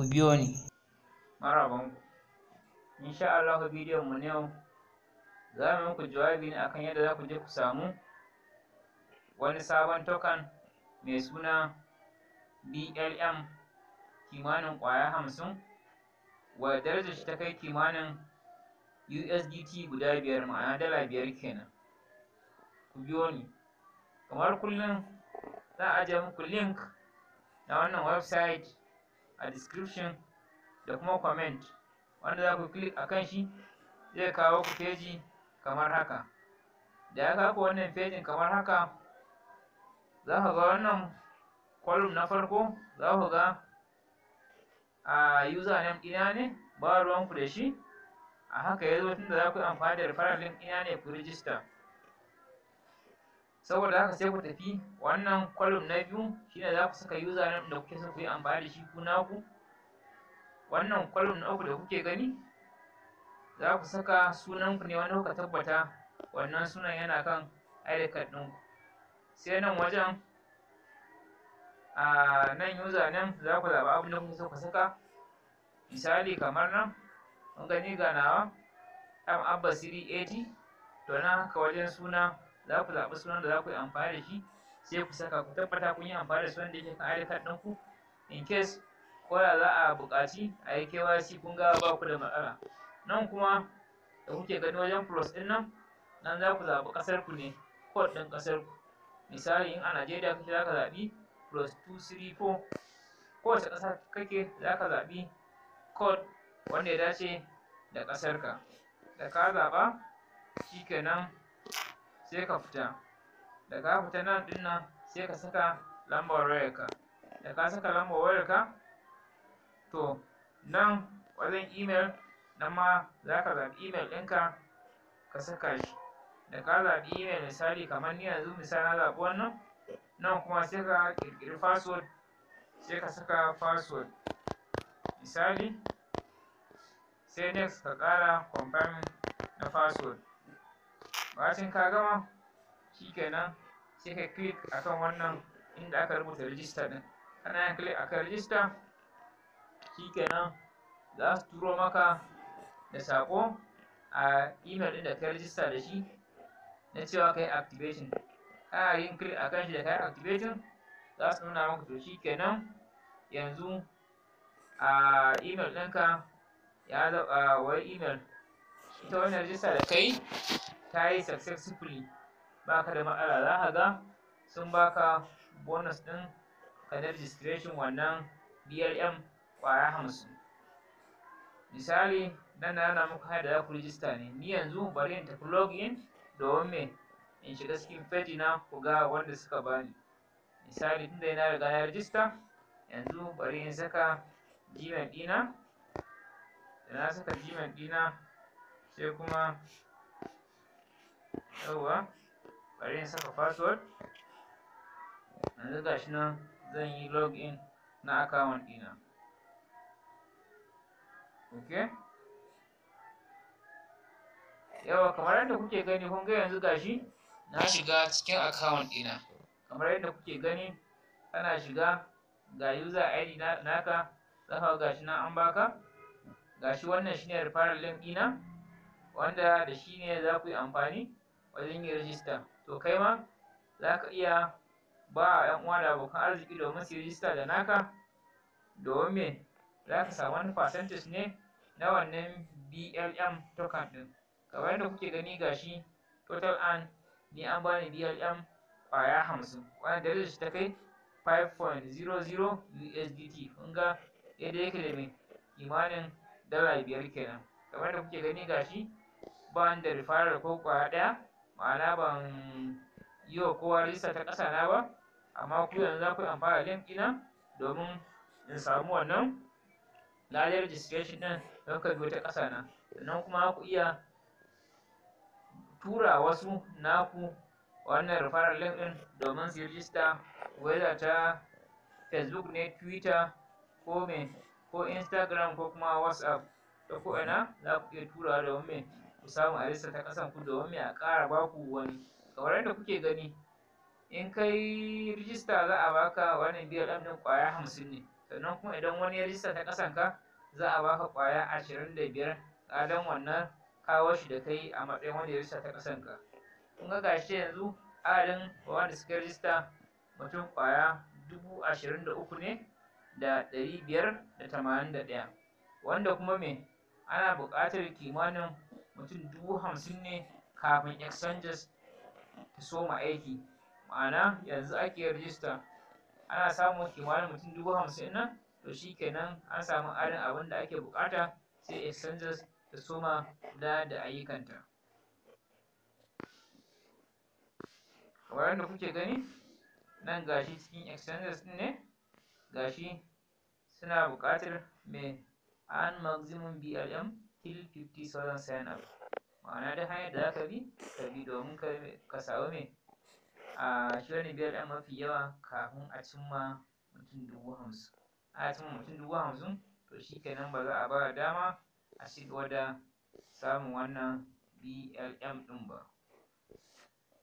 ku biyo ni. Marabanku, insha Allah bidiyon mu yau za mu muku jawabi ne akan yadda za ku je ku samu wani sabon token mai suna BLM kimanin ƙwaya hamsin wa darajar shi ta kai kimanin USDT guda biyar ma'ana dala biyar kenan. Ku biyo ni. Kamar kullum za a je muku link na wannan website a description da kuma comment wanda za ku click a kan shi zai kawo ku feji kamar haka da ya kawo wannan fejin kamar haka za ka ga wannan column na farko za ku ga a username ɗina ne ba ruwanku da shi a haka ya zo tunda za ku amfani da referral link ɗina ne ku register saboda haka sai ku tafi wannan column na biyu shine za ku saka username da kuke son ku yi amfani da shi ku naku wannan kwalum na uku da kuke gani za ku saka sunan ku ne wanda kuka tabbata wannan sunan yana kan ID card ɗin ku sai nan wajen a nan username za ku zaba abin da kuke so ku saka misali kamar nan kun gani ganawa, nawa am abbasiri 80 to nan haka wajen suna za ku zaɓi sunan da za ku yi amfani da shi sai ku saka ku tabbata kun yi amfani da sunan da yake kan ID card ɗinku in case ko da za a buƙaci a yi KYC kun ga ba ku da matsala nan kuma da kuke gani wajen plus ɗin nan nan za ku zaɓi ƙasar ku ne code ɗin ƙasar ku misali in a Najeriya kake za ka zaɓi plus 234 kowace ƙasa kake za ka zaɓi code wanda ya dace da ƙasar ka? da ka zaɓa shikenan sai ka fita da ka fita nan ɗin nan sai ka saka lambar wayarka da ka saka lambar wayarka to nan wajen email nan ma za ka zaɓi email ɗinka ka saka shi da ka zaɓi email misali kamar ni yanzu misali na zaɓi wannan nan kuma sai ka ƙirƙiri password sai ka saka password misali sai next ka ƙara confirm na password bacin ka gama shi nan sai ka click kan wannan inda aka rubuta register din ana yin click shi register nan za su turo maka da saƙo a email din da ka register da shi na cewa kai activation kana yin click kan shi da kai activation za su nuna maka to shi nan yanzu a email ɗinka ya wai email ita wani register da kai ta yi successfully baka da matsala za ka ga sun baka bonus ɗin ka na registration wannan BLM kwaya hamsin misali nan na nuna muku hada za ku rijista ne ni yanzu bari in tafi login domin me in shiga cikin page na ku ga wanda suka bani misali tunda yana riga na rijista yanzu bari in saka gmail ɗina da na saka gmail ɗina sai kuma yauwa bari in saka password yanzu gashi nan zan yi login na account ɗina okay yawa kamar yadda kuke gani kun ga yanzu gashi na shiga cikin account ɗina kamar yadda kuke gani kana shiga ga user ID naka zaka gashi nan an baka gashi wannan shine referral link ɗina wanda da shi ne za ku yi amfani wajen yin rijista to kai ma za ka iya ba yan uwa da abokan arziki domin su yi rijista da naka domin za ka samu wani percentage ne na wannan blm token din kamar yadda kuke gani gashi total an ni an bani blm kwaya hamsin wanda da shi ta kai 5.00 USDT kun ga daidai yake da mai imanin dala biyar kenan kamar yadda kuke gani gashi ba da referral ko kwaya ɗaya ma'ana ban yi wa kowa rista ta ƙasa na ba amma ku yanzu za ku yi amfani da link ɗina domin in samu wannan lalai registration ɗin don ka biyo ta ƙasa na sannan kuma ku iya tura wasu naku wannan referral link ɗin domin su yi whether ta facebook ne twitter ko me ko instagram ko kuma whatsapp ta ko'ina za ku iya turawa domin me ku samu a ta ƙasan ku domin a ƙara baku wani kamar da kuke gani in kai rijista za a baka biyar BLM ɗin ƙwaya hamsin ne sannan kuma idan wani ya rijista ta ƙasan ka za a baka ƙwaya ashirin da biyar ƙadan wannan kawo shi da kai a matsayin wani ya rijista ta ƙasan ka kun ga gashi yanzu adadin wanda suka rijista mutum ƙwaya dubu ashirin da uku ne da ɗari biyar da tamanin da ɗaya wanda kuma me ana buƙatar kimanin mutum dubu hamsin ne kafin exchanges ta soma aiki ma'ana yanzu ake rijista ana samun kimanin mutum dubu hamsin nan to shi kenan an samu arin abin da ake bukata sai exchanges ta soma kula da ayyukanta kamar da kuke gani nan gashi cikin exchanges ne gashi suna bukatar mai an maximum blm till 50 sign up ma'ana da hanyar da aka bi ka bi domin ka samu mai a shirin biyar ɗan mafi yawa kafin a cimma mutum dubu hamsin a cimma mutum dubu hamsin to shi kenan ba za a ba dama a shiga da samun wannan blm ɗin ba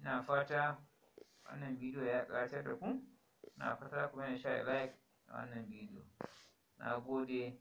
ina fata wannan bidiyo ya ƙayatar da ku na fata kuma ya sha like wannan bidiyo na gode